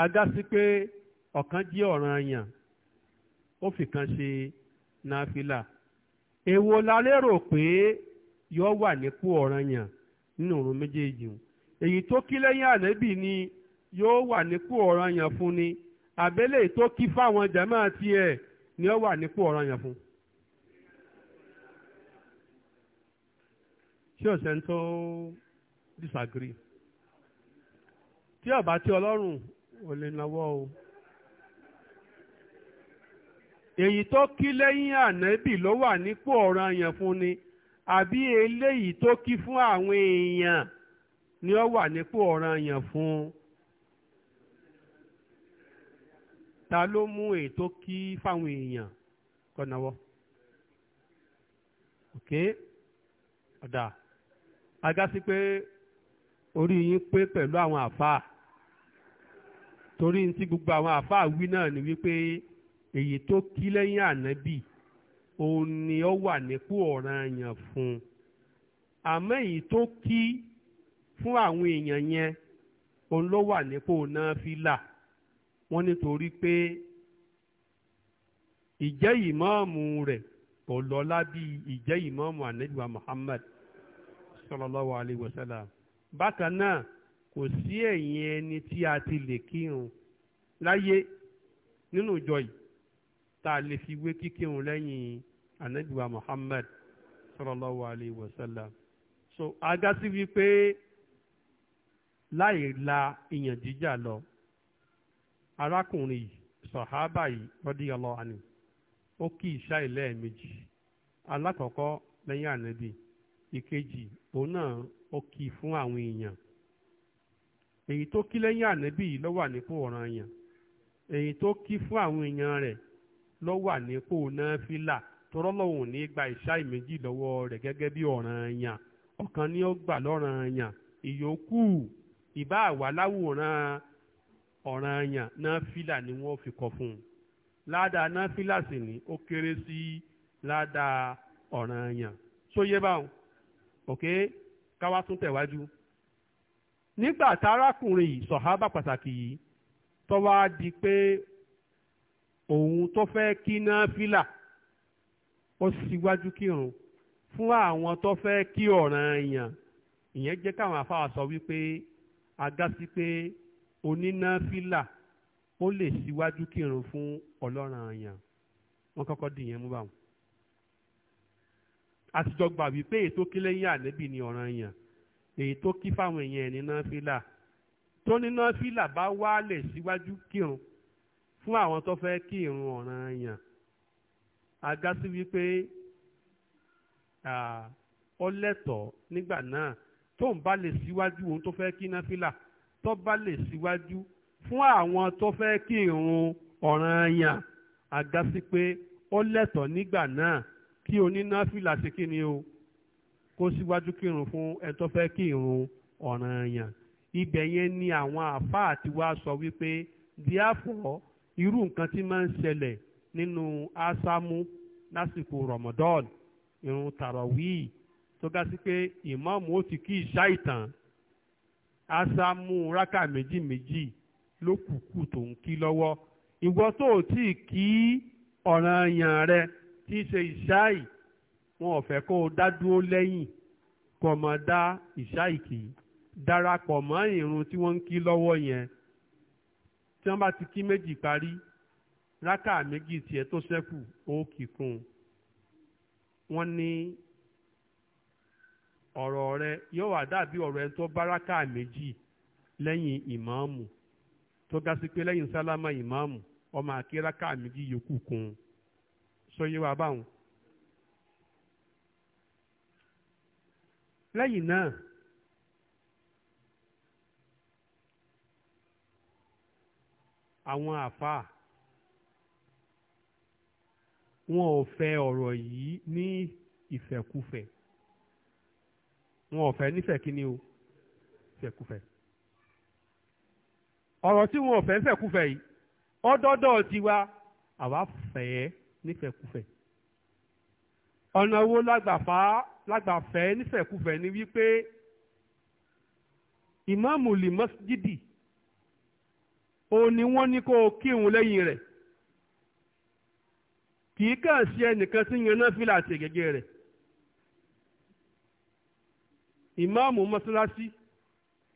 ajá pé ọ̀kan jẹ́ ọ̀ranyàn ó fi kan ṣe náfìlà èwo la lérò pé yọ wà nípò ọ̀ranyàn nínú òrùn méjèèjì èyí tó kí lẹ́yìn ni yóò wà nípò ọ̀ranyàn fún ni àbẹ́lẹ̀ tó kí fáwọn jàmáà tiẹ̀ ni ó wà nípò fún. tí ọ̀sẹ̀ ń tó disagree tí tí ò lè o. èyí tó kí lẹ́yìn ànábì ló wà nípò ọ̀ranyàn fún ni àbí eléyìí tó kí fún àwọn èèyàn ni ó wà nípò ọ̀ranyàn fún un. ta ló mú ètò kí fáwọn èèyàn kọ́nàwọ́ ok ọ̀dà agá pé orí yín pé pẹ̀lú àwọn àfáà torí tí gbogbo àwọn àfáà wí náà ni wípé èyí tó kí lẹ́yìn ànábì òun ni ó wà nípò ọ̀ranyàn fún un àmọ́ èyí tó kí fún àwọn èèyàn yẹn òun ló wà nípò náfìlà wọ́n nítorí pé ìjẹ́ ìmáàmù rẹ̀ kò lọ́lá bí ìjẹ́ ìmáàmù ànábì wa Muhammad sallallahu alayhi wa sallam bákan náà kò sí ẹ̀yìn ẹni tí a ti lè kírun láyé nínú ìjọ yìí tá a lè fi wé kíkírun lẹ́yìn anabiwa Muhammad sallallahu alayhi wa sallam so agasi wípé láì la ìyàn jíjà lọ arákùnrin yìí sọ̀hábà yìí radiyallahu anhu ó kí ìṣá ìlẹ́ẹ̀mejì alákọ̀ọ́kọ́ lẹ́yìn ànábì ìkejì òun náà ó kí fún àwọn èèyàn èyí tó kí lẹ́yìn ànábì yìí ló wà nípò ọ̀ranyàn èyí tó kí fún àwọn èèyàn rẹ̀ ló wà nípò náfìlà tọrọ lọ́hùn ní gba ìṣáì méjì lọ́wọ́ rẹ̀ gẹ́gẹ́ bí ọ̀ràn ọ̀ranyàn ọ̀kan ní ó gbà lọ́ranyàn ìyókù ìbá àwa láwòrán ọ̀ranyàn náfìlà ni wọ́n fi kọ fún un ládàá náfìlà sì ni ó kéré sí ládàá ọ̀ranyàn sóyè báwọn òkè káwá tún tẹ̀wájú. Okay? nígbà tárákùnrin yìí sọ̀hábà pàtàkì yìí tó wá di pé òun tó fẹ́ kí náà fílà ó síwájú kírun fún àwọn tó fẹ́ kí ọ̀ràn èèyàn ìyẹn jẹ́ káwọn afáwà sọ wípé agásí pé oníná fílà ó lè síwájú kírun fún ọlọ́ràn èèyàn wọ́n kọ́kọ́ dì mú báwọn àtijọ́ gbà wípé ètò kílẹ̀yìn ànẹ́bì ni ọ̀ràn èèyàn èyí tó kí fáwọn èèyàn ní náfìlà tó ní náfìlà bá wálẹ̀ síwájú kírun fún àwọn tó fẹ́ kí irun ọ̀ranyàn aga sí wípé ó lẹ́tọ̀ọ́ nígbà náà tó ń bá lè síwájú ohun tó fẹ́ kí náfìlà tó bá lè síwájú fún àwọn tó fẹ́ kí irun ọ̀ranyàn aga sí pé ó nígbà náà kí onínáfìlà ṣe kí ni o kó síwájú kírun fún ẹni tó fẹ́ kírun ọ̀ranyàn ibẹ̀ yẹn ni àwọn àáfàá ti wá sọ wípé díàfọ̀ irú nǹkan tí máa ń ṣẹlẹ̀ nínú ásámú lásìkò Ramadan irun tàràwíì tó ga sí pé ìmáàmù ó ti kí ìṣá ìtàn ásámú rákà méjì méjì ló kùkù tó ń kí lọ́wọ́ ìwọ tó ò tí ì kí ọ̀ranyàn rẹ tí í ṣe ìṣáì wọn ò fẹ́ kó o dá lẹ́yìn kó má dá ìṣáìkì darapọ̀ mọ́ ìrun tí wọ́n ń kí lọ́wọ́ yẹn tí wọ́n bá ti kí méjì parí rákà méjì tiẹ̀ tó sẹ́kù ó kì kún wọ́n ọ̀rọ̀ rẹ yóò wà dàbí ọ̀rọ̀ ẹni tó bá rákà méjì lẹ́yìn tó ga sí pé lẹ́yìn lẹ́yìn náà àwọn àfáà wọn ò fẹ́ ọ̀rọ̀ yìí ní ìfẹ́kúfẹ́ wọn ò fẹ́ nífẹ̀ẹ́ kí ni o ìfẹ́kúfẹ́ ọ̀rọ̀ tí wọn ò fẹ́ nífẹ̀ẹ́kúfẹ́ yìí ọdọ́dọ́ tiwa àwa fẹ́ nífẹ̀ẹ́kúfẹ́ ọ̀nà wo lágbàfà lágbàfẹ́ nífẹ̀kúfẹ̀ ni wípé ìmáàmù lè mọ́sídìdì òun ni wọ́n ní kó o kírun lẹ́yìn rẹ̀ kì í kàn sí ẹnìkan sí yan náà fìlà àti gẹ́gẹ́ rẹ̀ ìmáàmù mọ́sálásí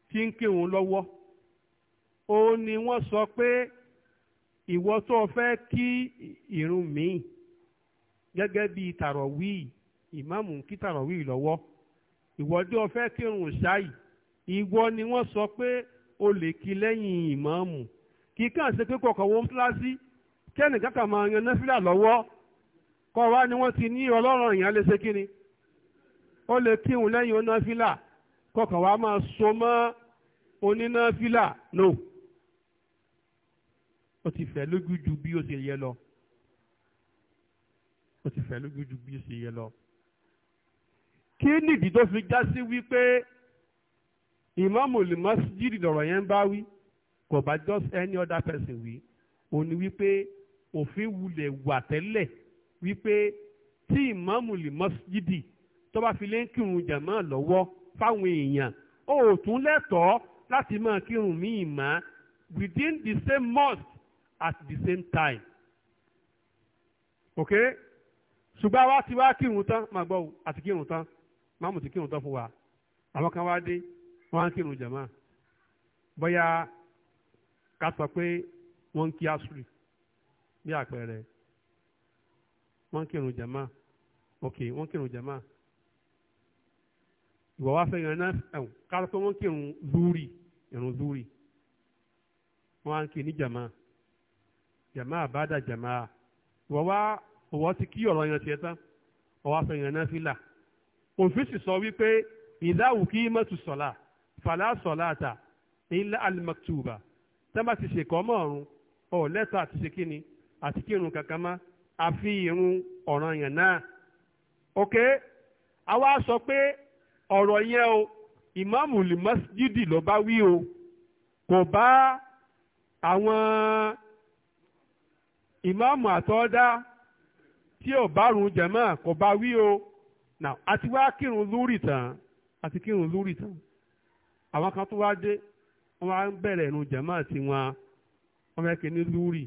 tí ń kírun lọ́wọ́ òun ni wọ́n sọ pé ìwọ tó fẹ́ kí ìrun míì gẹ́gẹ́ bíi tàrọ̀wíì ìmáàmù ń kí tàràwí lọ́wọ́ ìwọ́dé ọ̀fẹ́ kírun ṣáì ìwọ ni wọ́n sọ pé o lè kí lẹ́yìn ìmáàmù kí kàn ṣe pé kọ̀ọ̀kan wọ́n kíláàsì kẹ́ni kàkà máa yan náfìlà lọ́wọ́ kọ́ ni wọ́n ti ní ọlọ́run èèyàn lè ṣe kíni o lè kírun lẹ́yìn onáfìlà kọ̀ọ̀kan wa máa so mọ́ onínáfìlà no o ti fẹ́ lójú ju bí o ṣe yẹ lọ o ti fẹ́ lójú ju bí o ṣe yẹ lọ kí nìdí tó fi já sí wípé ìmáàmù lìmọ́síjìrì lọ̀rọ̀ yẹn ń bá wí kò bá just any other person wí òun ni wípé òfin wulẹ̀ wà tẹ́lẹ̀ wípé tí ìmáàmù lìmọ́síjìrì tó bá fi lé ń kírun jàmáà lọ́wọ́ fáwọn èèyàn ó tún lẹ́tọ̀ọ́ láti máa kírun míì mọ́ within the same mosque at the same time. ok ṣùgbọ́n àwa ti wá kírun tán màgbọ́ àti kírun tán máàmù ti kírun tán fún wa àwọn kan wá dé wọ́n á ń kírun jàmá bóyá ká sọ pé wọ́n ń kí asùrì bí àpẹẹrẹ wọ́n ń kírun jàmá ok wọ́n ń kírun jàmá ìwọ wá fẹ́ yẹn náà ká sọ pé wọ́n ń kírun lúrì ìrun lúrì wọ́n á kí ní jàmá jàmá àbádà jàmá ìwọ wá ọ̀wọ́ ti kí ọ̀rọ̀ yẹn tiẹ̀ tán ọ̀wọ́ fẹ́ yẹn náà fìlà òfìsì sọ wípé ìdáhùn kí mọ́tò sọ̀la fàlà sọ̀la àtà ilá alimaktuba tẹ́lá ti ṣèkọ́ mọ́ ọ̀run ọ̀ lẹ́tọ̀ àti ṣe kíni àti kírun kankan má àfi irun ọ̀ràn yẹn náà. ok àwa sọ pé ọ̀rọ̀ yẹn o ìmáàmù lè ló bá wí o kò bá àwọn ìmáàmù àtọ́dá tí ò bá rùn jẹ̀mọ́ kò bá wí o now àti wá kírun lórí tán àti kírun lórí tán àwọn kan tó wá dé wọ́n wá ń bẹ̀rẹ̀ ìrun jàmáà tí wọ́n wọ́n fẹ́ kí ní lórí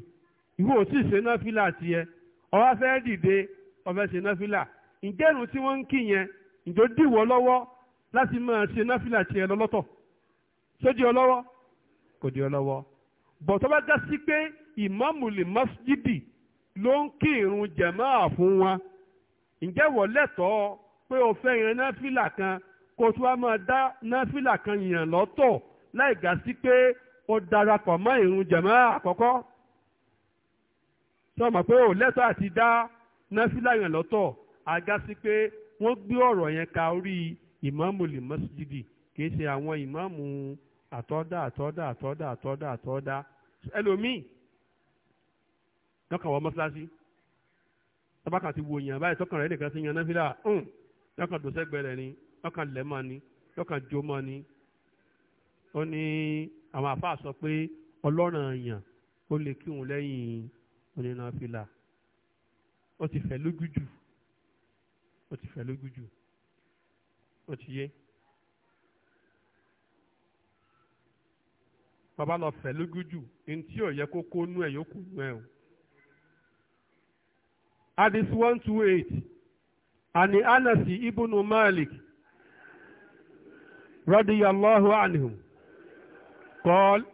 ìwọ ò sì ṣe náfìlà tiẹ̀ ọwọ́ fẹ́ dìde ọfẹ́ ṣe náfìlà ǹjẹ́ ìrun tí wọ́n ń kí yẹn ǹjọ́ dìwọ́ lọ́wọ́ láti máa ṣe náfìlà tiẹ̀ lọ́lọ́tọ̀ ṣé di ọ lọ́wọ́ kò di ọ lọ́wọ́ bọ̀ tó bá já sí pé ìmáàmù lè masjidi ló ń kí ìrun fún wọn ǹjẹ́ wọ́n lẹ́tọ̀ọ́ pé o fẹ́ yan náfìlà kan kó o tún wá máa dá náfìlà kan yàn lọ́tọ̀ láì gà sí pé o darapọ̀ mọ́ ìrun jàmá àkọ́kọ́ sọ ma pé o lẹ́tọ̀ọ́ àti dá náfìlà yàn lọ́tọ̀ àga sí pé wọ́n gbé ọ̀rọ̀ yẹn ka orí ìmáàmù lè mọ́sídìdì kì ṣe àwọn ìmáàmù àtọ́dá àtọ́dá àtọ́dá àtọ́dá àtọ́dá ẹlòmíì lọ́kàn wọ́n mọ́sálásí tọ́bákà ti wo èèyàn báyìí tọ́kàn rẹ̀ nìkan sí yan náfìlà ń lọ́kàn dòṣẹ́ gbẹ̀rẹ̀ ni lọ́kàn lẹ́ mọ́ ni lọ́kàn jó mọ́ ni. ó ní àwọn àfáà sọ pé ọlọ́ràn èèyàn ó lè kí òun lẹ́yìn onínáfìlà ó ti fẹ́ lójú jù ó ti fẹ́ lójú ó ti yé. bàbá lọ fẹ́ lójú jù ò yẹ kó kó nú ẹ̀ yókù nú ẹ̀ o hadith 128 عن ani Anas ibn رضي الله عنه قال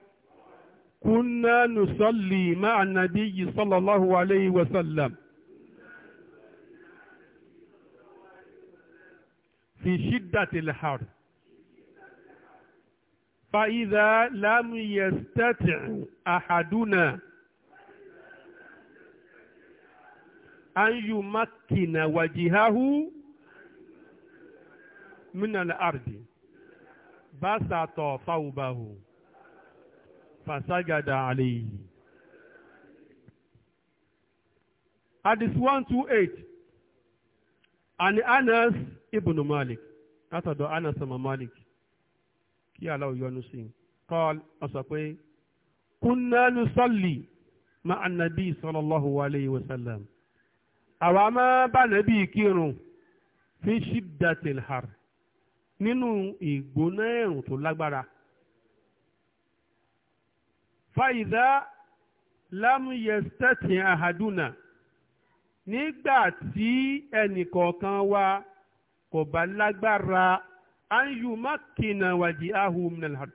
كنا نصلي مع النبي صلى الله عليه وسلم في شدة الحر فإذا لم يستطع أحدنا anyu makina wajihahu minal ardi basatọ fawubahu fasagada alayhi. Hadith 128 Ani Anas ibn Malik látọ̀dọ̀ Anas ọmọ Malik kí aláwọ̀ yọ́nú sí kọ́l ọ̀sọ̀ pé kunna nusalli ma'a an-nabi sallallahu alayhi wa sallam àwa máa bá nàbí kírun fi ṣídàtìl har nínú ìgbóná ẹ̀rùn tó lágbára. fàyídá lámúyẹsítẹ́tì àhàdùnà nígbà tí ẹnìkọ̀ọ̀kan wa kò bá lágbára anyumakina wàjí ahumnalhad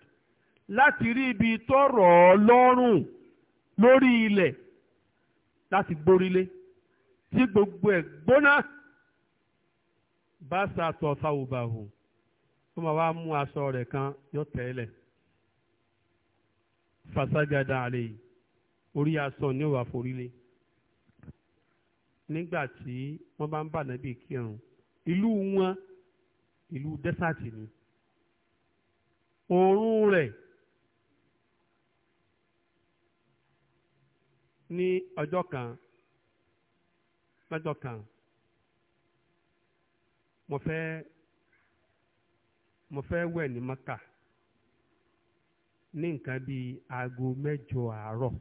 láti rí ibi tó rọ̀ ọ́ lọ́rùn lórí ilẹ̀ láti gbórílé tí gbogbo ẹ̀ gbóná bá sàtọ̀ fáwùbàwù ó máa wá mú aṣọ rẹ̀ kan yóò tẹ́lẹ̀ fasajada àlè orí aṣọ ni ó wà forílé nígbà tí wọ́n bá ń bà nábì kírun ìlú wọn ìlú dẹ́sàtì ni òórùn rẹ̀ ní ọjọ́ kan lọ́jọ́ kan mo fẹ́ mo fẹ́ wẹ̀ ní maka ní nǹkan bíi aago mẹ́jọ àárọ̀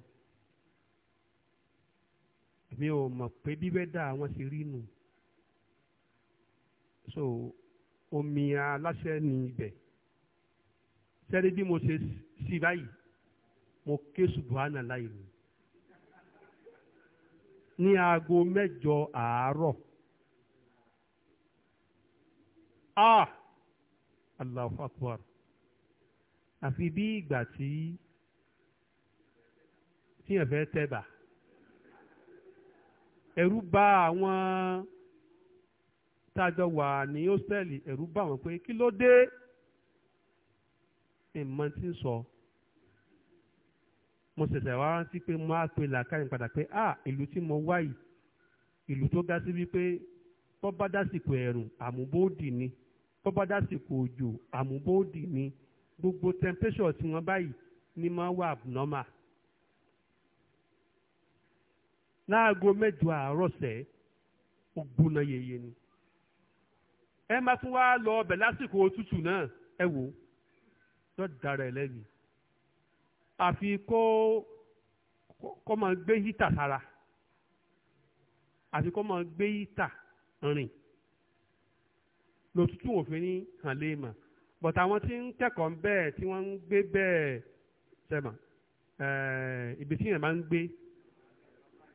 mi ò mọ̀ pé bí wẹ́dà wọn ṣe rí nù so omi aláṣẹ ní ibẹ̀ sẹ́ni bí mo ṣe sí báyìí mo ké subahana láì ní ní aago mẹ́jọ àárọ̀. ah Allahu Akbar àfi bí ìgbà tí tíyàn fẹ́ tẹ̀bà ẹ̀rú bà àwọn tájọ wà ní hósítẹ́ẹ̀lì ẹ̀rú bà wọ́n pé kí ló dé ìmọ̀ tí ń sọ. So mo ṣẹ̀ṣẹ̀ wá rántí pé mo á pe làákàyè padà pé a ìlú tí mo wá yìí ìlú tó ga sí wípé bọ́ dásìkò ẹ̀rùn àmúbóòdì ni bọ́ bá dásìkò òjò àmúbóòdì ni gbogbo temperature tí wọ́n báyìí ni máa wà abnormal. láago mẹ́jọ àárọ̀ sẹ́ ó gbóná yeye ni ẹ máa tún wá lọ ọbẹ̀ lásìkò òtútù náà ẹ wò ó yọ dára ẹ lẹ́yìn àfi kó kó máa gbé hítà sára àfi kó máa gbé hítà rìn lòtútù òfin ní hàn léèmà but àwọn tí ń kẹ́kọ̀ọ́ bẹ́ẹ̀ tí wọ́n ń gbé bẹ́ẹ̀ sẹ́mà ibi tí yẹn máa ń gbé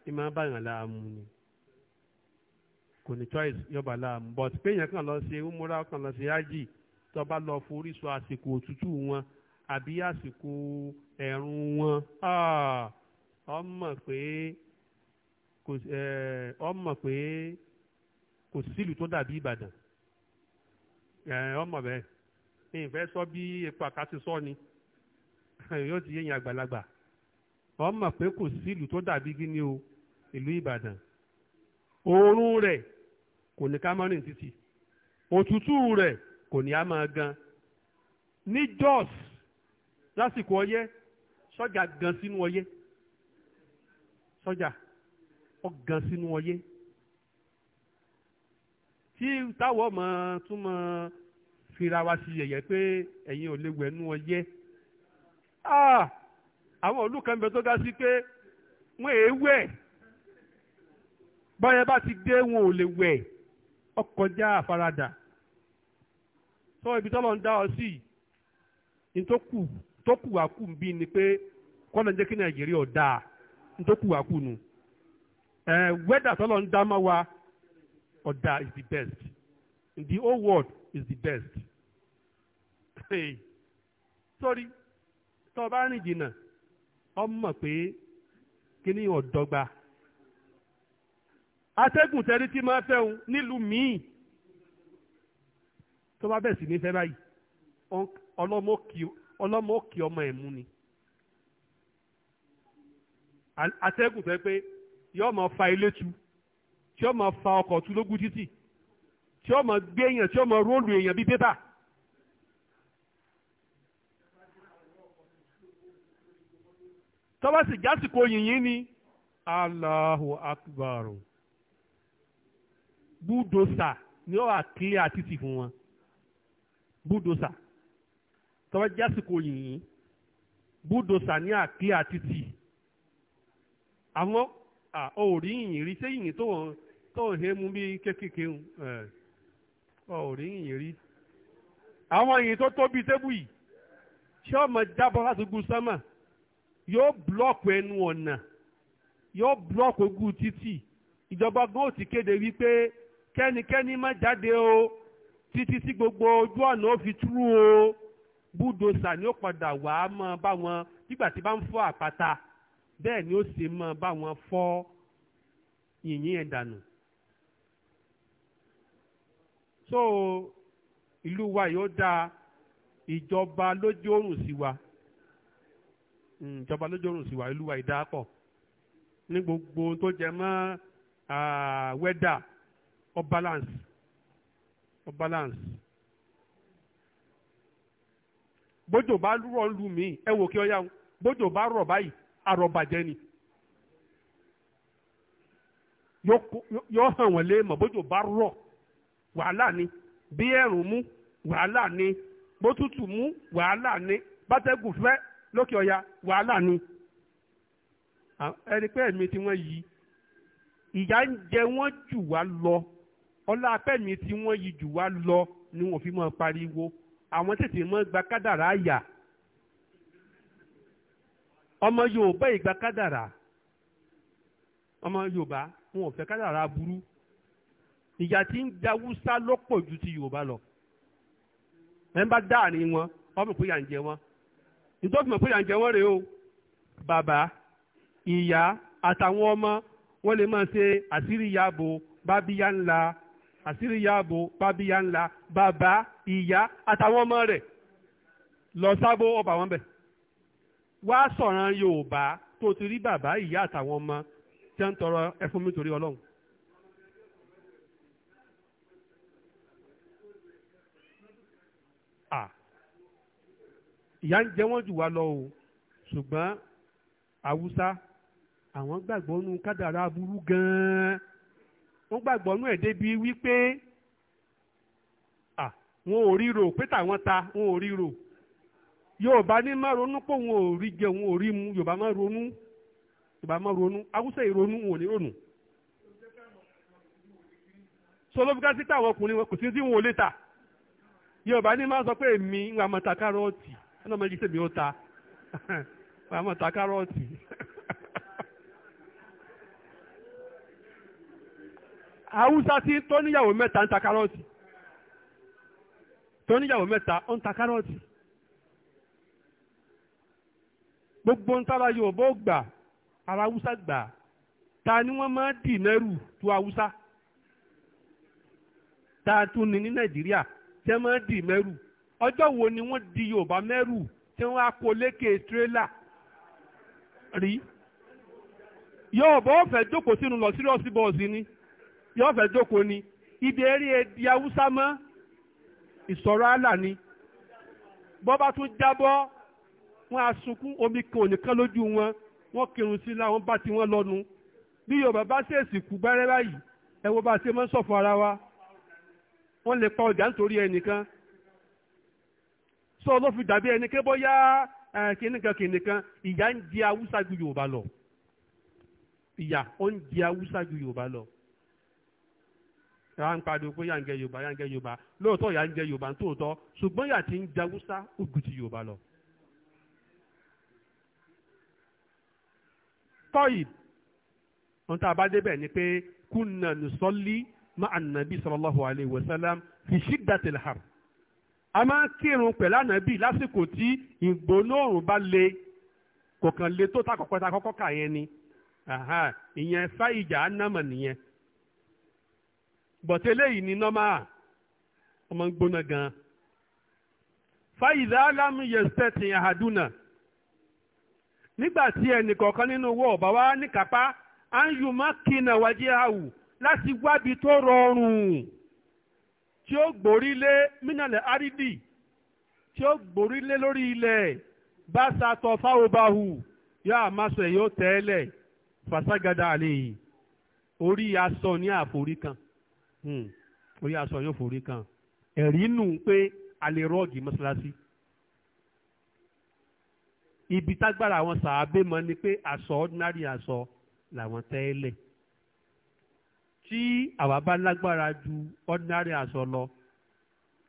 ìmọ̀ báyàn láàmú ni kò ní choice yọba láàmú but pé yẹn kàn lọ ṣe umura kàn lọ ṣe ájì tó bá lọ forí sọ àsìkò òtútù wọn àbí àsìkò ẹ̀rùn wọn ah, ọmọ pé kò ọmọ pé kò sílùú tó dàbí Ìbàdàn ọmọ bẹ́ẹ̀ ìfẹ́ sọ bí epo àkásí sọ ni yóò ti yéyìn àgbàlagbà ọmọ pé kò sílùú tó dàbí gíní o ìlú Ìbàdàn oorun rẹ̀ kò ní ká títì òtútù rẹ̀ kò ní á gan ní lásìkò ọyẹ́ sọ́jà gan sínú ọyẹ́ sọ́jà ọ̀gàn sínú ọyẹ́ tí táwọn ọmọ tún mọ fira wa sí yẹ̀yẹ́ pé ẹ̀yin ò lè wẹ̀nú ọyẹ́ ah, àwọn olùkànbẹ tó ga sí pé wọ́n èé wẹ̀ báyẹn bá ti dé wọn ò lè wẹ̀ ọkọjá àfaradà sọ ibi tọ́lọ́ ń dá ọ sí ní tó kù tó kù bí ni pé kọ́nà jẹ́ kí nàìjíríà ò dáa tó ẹ wẹ́dà tọ́lọ̀ ń dá wa ọ̀dà is the best the whole world is the best sorry tọ́ bá rìn jìnnà ọmọ pé kí ni ọ̀dọ́gba atẹ́gùn tẹ́rí tí máa fẹ́ òun nílùú míì tó bá bẹ̀ sí ní fẹ́ báyìí ọlọ́mọ ọlọ́mọ òkè ọmọ ẹ̀ mú ni atẹ́gùn fẹ́ pé yóò máa fa ilé tu tí yóò máa fa ọkọ̀ tu lógún títì tí yóò gbé èèyàn tí yóò róòlù èèyàn bíi pépà. tọ́wọ́ jásìkò yìnyín ni Allahu Akbar búdòsà ni ó wà kílẹ̀ àtìtì fún wọn búdòsà tọ́wọ́ jásìkò yìnyín búdòsà ní àkíyà títì àmọ́ ò rí yìnyín rí sẹ́yìn tó wọ́n tó he mu bí kékèké ń ọ rí yìnyín rí àwọn yìnyín tó tóbi tébù yìí ṣé ọmọ jábọ́ láti gun sánmà yóò blọọkù ẹnu ọ̀nà yóò blọọkù ogun títì ìjọba gan ó ti kéde wípé kẹ́nikẹ́ni má jáde o títí tí gbogbo ojú ọ̀nà ó fi túrú o búdòsà ni ó padà wà á mọ bá wọn nígbà tí bá ń fọ́ àpáta bẹ́ẹ̀ ni ó sì mọ bá wọn yìnyín ẹ̀ so ìlú wa yóò dáa ìjọba lójú oorun sí wa hmm, ìjọba lójú oorun sí wa ìlú wa ìdáàpọ̀ ní gbogbo ohun tó jẹ mọ́ ah, wẹ́dà ó balance ó balance. bójò bá rọ̀ lù mí ẹ wò kí ọyá bójò bá rọ̀ báyìí àrọ̀bàjẹ́ ni yóò hàn wọ́n lé mọ̀ bójò bá rọ̀ wàhálà ni bí ẹ̀rùn mú wàhálà ni bótútù mú wàhálà ni bátẹ́gùn fẹ́ lókè ọya wàhálà ni ẹni pé ẹ̀mí tí wọ́n ìyá ń jẹ wọ́n jù wá lọ ọlá apẹ́mi tí wọ́n yí jù wá lọ ni wọ́n fi máa pariwo àwọn tètè mọ́ gba kádàrá àyà ọmọ Yorùbá ìgbà kádàrá ọmọ Yorùbá wọn ò fẹ́ kádàrá burú ìyà tí ń da Hausa lọ́pọ̀ ju ti Yorùbá lọ ẹ̀ ń bá dáàrin wọn ọmọ ìpínyà ń jẹ wọn ìtọ́fìmọ̀ pé ìyànjẹ wọ́n rèé o bàbá ìyá àtàwọn ọmọ wọ́n lè máa ṣe àṣírí ìyàbò bábíyá ńlá àṣírí ya bo bábíyá ńlá bàbá ìyá àtàwọn ọmọ rẹ̀ lọ sábó ọba wọn bẹ̀. wá sọ̀ràn yorùbá tó ti rí bàbá ìyá àtàwọn ọmọ tẹ́ ń tọrọ ẹ fún mi torí ọlọ́run. ìyà ń jẹ wọ́n jù wá lọ o ṣùgbọ́n haúsá àwọn gbàgbọ́ nù kádàrá burú gan-an wọ́n gbàgbọ́ nú ẹ̀ débi wípé wọn ò ríro pé tàwọn ta wọn ò ríro yorùbá ní má ronú pé wọn ò rí jẹ wọn ò rí mu yorùbá má ronú yorùbá má ronú awúsẹ ìronú wọn ò ní ronú. solofika sí táwọn ọkùnrin wọn kò sí sí wọn ò lè ta yorùbá ní má sọ pé èmi ń wà mọ̀ta kárọ̀ọ̀tì ẹ̀ náà mọ̀ ẹ́ jí sẹ́mi ó ta wà mọ̀ta kárọ̀ọ̀tì. haúsá tí tó níyàwó mẹ́ta ń ta kárọ́ọ̀tì tó níyàwó mẹ́ta ń ta kárọ́ọ̀tì gbogbo ntara yorùbá gbà ara haúsá gbà ta ni wọ́n máa dì mẹ́rù tó haúsá ta tún ni ní nàìjíríà tí máa dì mẹ́rù ọjọ́ wo ni wọ́n di yorùbá mẹ́rù tí wọ́n á kó lékè tírélà rí yorùbá ọ̀fẹ́ jókòó sínú lọ sírí ọ̀sibọ̀ọ̀sì ni yóò fẹ́ jókòó ni ibi eré edi haúsá mọ́ ìsọ̀rọ̀ àlà ni bọ́ bá tún jábọ́ wọ́n á sunkún omi kan òníkan lójú wọn wọ́n kírun sí láwọn bá ti wọ́n lọ́nu bí Yorùbá bá ṣèèsì kú gbẹ́rẹ́ báyìí ẹ bá ṣe mọ́ sọ̀fọ̀ ara wa wọ́n lè pa ọjà nítorí ẹnìkan sọ ló fi dàbí ẹni kébọ́ yá kìnìkan kìnìkan ìyà ń di haúsá ju Yorùbá lọ ìyà ó ń di haúsá ju Yorùbá lọ yàrá ń pariwo pé yà ń jẹ yorùbá yà ń jẹ yorùbá lóòótọ́ yà ń jẹ yorùbá tòótọ́ ṣùgbọ́n yà ti ń jẹ haúsá ó gùn ti yorùbá lọ. tọ́yì ohun tá a bá débẹ̀ ni pé kúnnà nùsọ́lí má ànàbí sallallahu alayhi wa sallam fi shiddatil har. a máa kírun pẹ̀lú ànàbí lásìkò tí ìgbóná bá le kò kàn le tó takọ̀kọ́ta kọ́kọ́ kà yẹn ni ìyẹn fáìjà ánàmọ̀ nìyẹn bọ̀tẹ́ yi ni normal ọmọ ń gbóná gan. fàyìzà alámù yẹ̀sítẹ́tì àhàdùnà nígbà tí ẹnì kọ̀ọ̀kan nínú owó ọ̀bá wa níkápá à ń yù má kìnà wájú àwù láti wábi tó rọrùn tí ó gbórí lé mínàlẹ̀ árídì tí ó gbórí lé lórí ilẹ̀ bá sàtọ̀ fáwọ́báhù yóò àmásọ̀ yóò tẹ́lẹ̀ fàṣágádà àlè yìí orí asọ ní àforí kan Hmm. orí aṣọ yóò forí kan ẹ̀rí nù pé a lè rọ́ọ̀gì mọ́ṣáláṣí ibi tágbára àwọn sàábé mọ ni pé aṣọ ordinary aṣọ làwọn tẹ́lẹ̀ tí àwa bá lágbára ju ordinary aṣọ lọ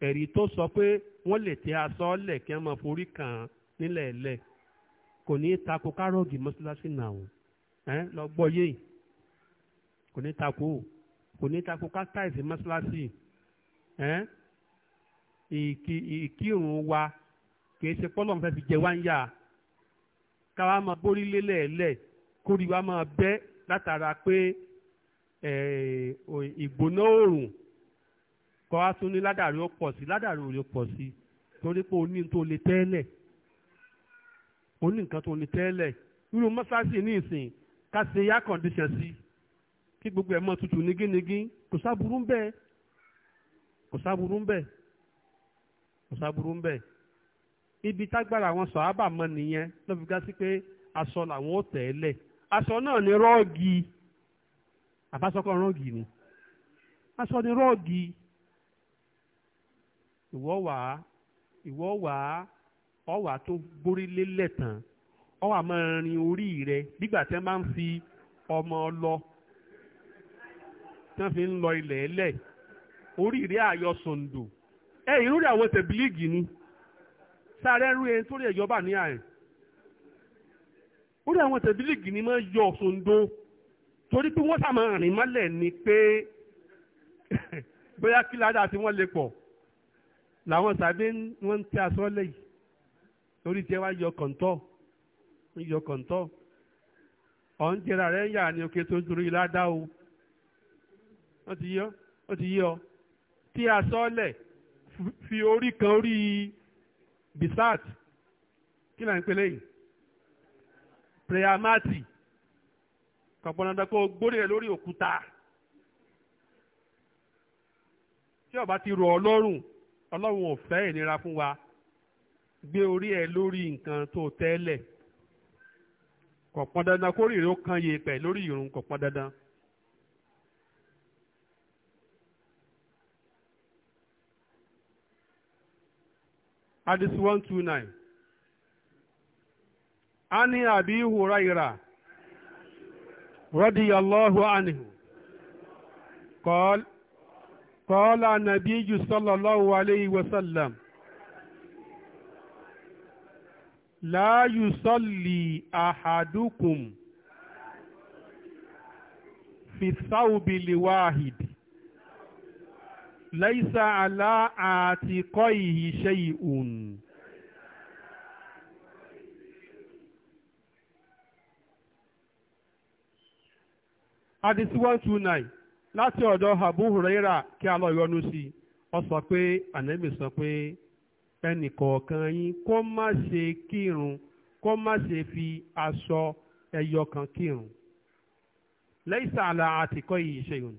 ẹ̀rí tó sọ pé wọ́n lè tẹ aṣọ lẹ̀ kí wọ́n máa forí kan nílẹ̀ ẹ̀lẹ̀ kò ní tako kárọ̀gì mọ́ṣáláṣí náà ẹ̀ lọ gbọ́ yé kò ní tako o kò ní tako ká táìsì mọ́ṣáláṣí ìkírun wa kì í ṣe pọ́lọ́n fẹ́ fi jẹ wá ń yà káwa máa borí lélẹ̀ẹ́lẹ̀ kórìí wa máa bẹ́ látara pé ìgbóná oòrùn kọ́ á tún ní ládàrí ó pọ̀ sí ládàrí ò lè pọ̀ sí torí pé o ní tó le tẹ́lẹ̀ o ní nǹkan tó le tẹ́lẹ̀ irú mọ́ṣáláṣí ní ìsìn ká ṣe air condition sí. Si kí gbogbo ẹ̀ mọ́ tutù nigínigín kò sáburú ń bẹ́ẹ̀ kò sáburú ń bẹ́ẹ̀ kò sáburú ń bẹ́ẹ̀ ibi tágbára àwọn sọ̀hábà nìyẹn ló fi ga sí pé aṣọ làwọn ò aṣọ náà ni rọ́ọ̀gì àbásọ́kọ̀ rọ́ọ̀gì ni aṣọ ni rọ́ọ̀gì ìwọ wà á wà á ọwà tó gbórí lélẹ̀ tán ọwà máa rin orí rẹ nígbà tí wọ́n ń lọ tán fi ń lọ ilẹ̀ ẹlẹ̀ oríire àyọ sòǹdò ẹ ìrúurẹ àwọn tẹ̀bílíìgì ni sáré rú ẹni tó rí ẹ̀yọ́bà ní àyè orí àwọn tẹ̀bílíìgì ni máa yọ sòǹdò torí pé wọ́n sàmọ́ rìn mọ́lẹ̀ ni pé bóyá kí ládà tí wọ́n lè pọ̀ làwọn sàbẹ̀ wọ́n ń tẹ́ aṣọ lẹ́yìn lórí tiẹ̀ wá yọ kọ̀ǹtọ́ yọ kọ̀ǹtọ̀ ọ̀ ń jẹrà rẹ̀ ń yà ní òkè tó dúró yìí ládàá o ó ti yé ọ ó ti yé tí a sọ́ọ̀lẹ̀ fi orí kan orí bisat kí là ń pè léyìí prayamati kọ̀pọ̀nàdà kó gbórí rẹ̀ lórí òkúta tí ó bá ti rọ̀ ọlọ́run ọlọ́run ò fẹ́ ìnira fún wa gbé orí ẹ lórí nǹkan tó tẹ́lẹ̀ kọ̀pọ̀nàdà kórìíra ó kan yèèpẹ̀ lórí ìrun kọ̀pọ̀nàdà. hadith one two nine. ani abi huraira radiyallahu anhu qala qala nabiyyu sallallahu alayhi wa sallam la yusalli ahadukum fi thawbi liwahidi laisa ala atiqaihi shay'un. Hadith one two nine láti ọ̀dọ̀ Abu Huraira kí a lọ yọ́nú sí i ó sọ pé ànẹ́mì sọ pé ẹnìkọ̀ọ̀kan yín kó má ṣe kírun kó má ṣe fi aṣọ ẹyọ kan kírun lẹ́yìn sàlà àtìkọ́ yìí ṣe yòó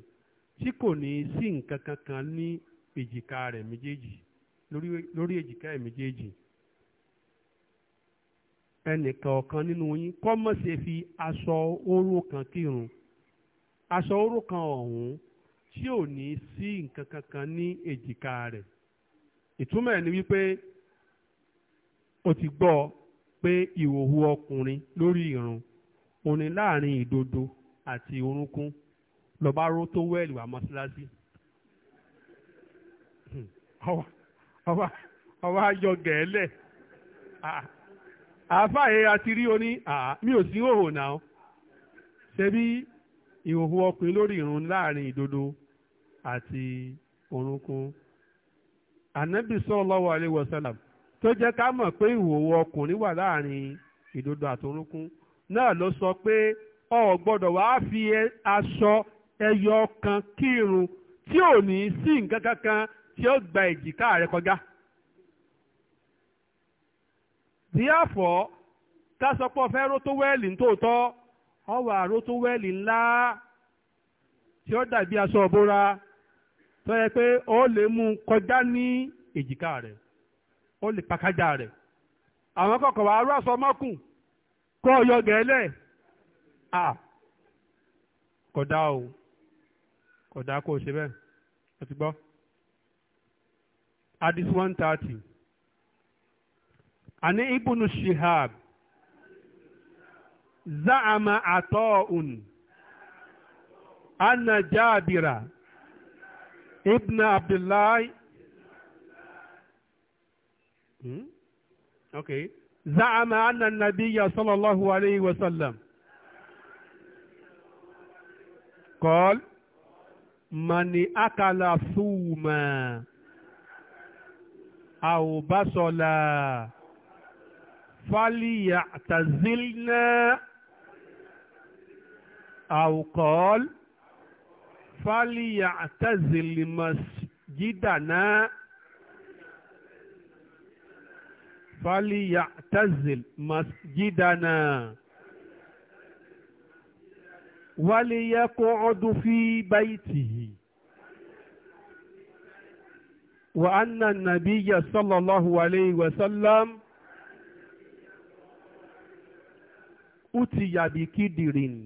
tí kò ní sí nǹkan kankan ní èjìká rẹ̀ méjèèjì lórí èjìká rẹ̀ méjèèjì ẹnìkan ọ̀kan nínú yín kọ́ mọ̀ ṣe fi aṣọ oró kan kírun aṣọ oró kan ọ̀hún tí ò ní sí nǹkan kankan ní èjìká rẹ̀ ìtumọ̀ ẹ̀ ni wípé o ti gbọ́ pé ìhòòhò ọkùnrin lórí ìrun òní láàrin ìdodo àti orúnkún. lọ bá ró tó wẹ́ẹ̀lì wà mọ́ṣáláṣí ọwọ́ ayọ gẹ̀ẹ́lẹ̀ ah, àáfàá yẹn àti rí oní ah, mi ò sí òhò náà ṣebí ìhòhò ọkùnrin lórí irun láàrin ìdodo àti orúnkún ànábì sallallahu alaihi wasallam tó jẹ ká mọ̀ pé ìhòhò ọkùnrin wà láàrin ìdodo àti orúnkún náà ló sọ pé o gbọ́dọ̀ wàá fi aṣọ ẹyọ kan kírun tí ò ní sí nǹkan kankan tí ó gba èjìká rẹ kọjá. díàfọ̀ kásọpọ̀ fẹ́ rótówẹ́ẹ̀lì nítòótọ́ ọwà rótówẹ́ẹ̀lì ńlá tí ó dàbí aṣọ òbóra tó yẹ pé ó lè mú un kọjá ní èjìká rẹ ó lè pàkájà rẹ àwọn kọkàn wà á aṣọ mọ́kùn kó o yọ gẹ̀ẹ́lẹ̀ o. kò dáa kó o ṣe bẹ́ẹ̀ o ti gbọ́. hadith one thirty ani ibnu shihab za'ama ata'un anna jabira ibn abdullahi hmm? okay za'ama anna nabiyya sallallahu alayhi wa sallam قال من أكل ثوما أو بصلا فليعتزلنا أو قال فليعتزل مسجدنا فليعتزل مسجدنا وليقعد في بيته وأن النبي صلى الله عليه وسلم أتي بكدر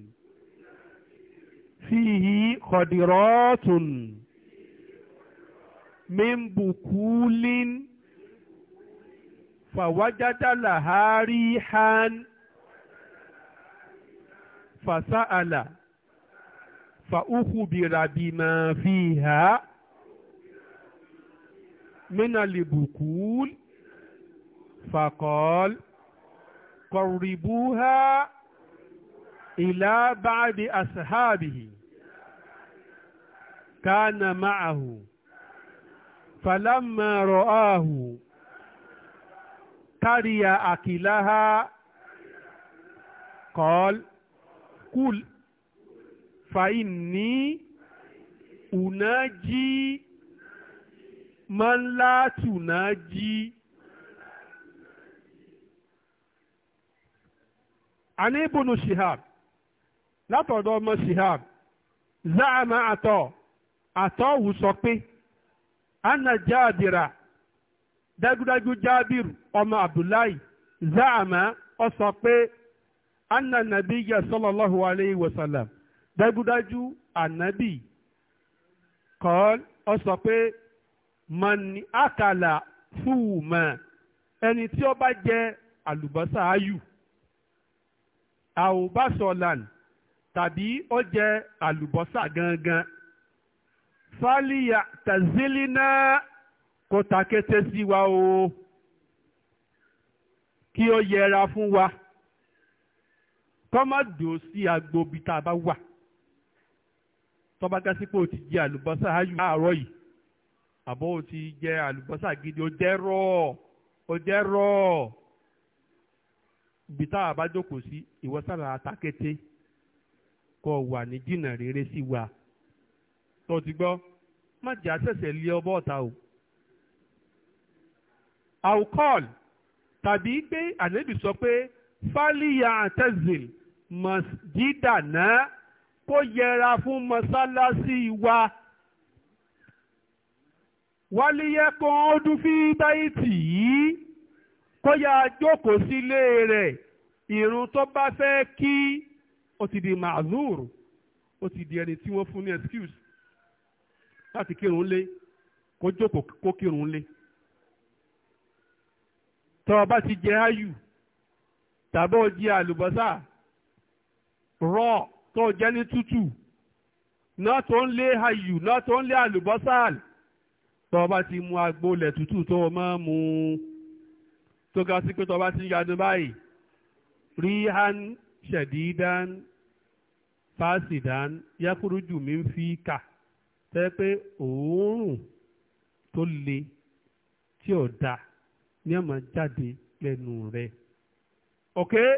فيه خدرات من بكول فوجد لها ريحا فسأل فأخبر بما فيها من البكول فقال قربوها إلى بعض أصحابه كان معه فلما رآه كري أكلها قال قل فإني أناجي من لا تناجي عن ابن شهاب لا تضم شهاب زعم عطاء عطاء سقي أنا جابر dájúdájú jábìr ọmọ abdullahi záàmà ó sọ pé anna nabiyya sallallahu alayhi wa sallam dájúdájú ànábì kọ́ ọ sọ pé mọ̀nì àkàlà fúùmọ̀ ẹni tí ó bá jẹ àlùbọ́sà ayù àwòbáṣọ̀làn tàbí ó jẹ àlùbọ́sà gangan fálíyà tàzílì náà kó ta sí wa o kí ó yẹra fún wa kọ́mọ́dù sí agbóbi tá a bá wà tọ́ba gásípò ti jẹ àlùbọ́sà ayù láàárọ̀ yìí àbọ̀ ò ti jẹ àlùbọ́sà gidi ó jẹ́ rọ̀ ó jẹ́ rọ̀ ibi tá a bá jókòó sí ìwọ́sára àtàkété kò wà ní jìnnà rere sí wa tó ti gbọ́ má jà sẹ̀sẹ̀ lé ọbọ̀ ọ̀tá o alcohol tàbí pé ànábì sọ pé fálíyà àtẹ́zìl mọ̀sídà náà kó yẹra fún mọ́sálásí wa wálíyẹ kan ọdún fi báyìtì yìí kó yá jókòó sílé rẹ̀ ìrun tó bá fẹ́ kí ó ti di màzúrù ó ti di ẹni tí wọ́n fún ní excuse láti kírun lé kó jókòó kó kírun lé tọ́ ọba ti jẹ ayù tàbí ó jẹ àlùbọ́sà rọ́ọ̀ tó jẹ́ ní tútù náà tó ń lé ayù náà tó ń lé àlùbọ́sà tó bá ti mu agbo lẹ̀ tútù tó o máa mu tó ga sí pé tó bá ti ń yanu báyìí rihan shadidan fasidan yakuruju mi ń fi kà tẹ́ pé òórùn tó le tí ò da ní ọmọ jáde lẹ́nu rẹ̀. okay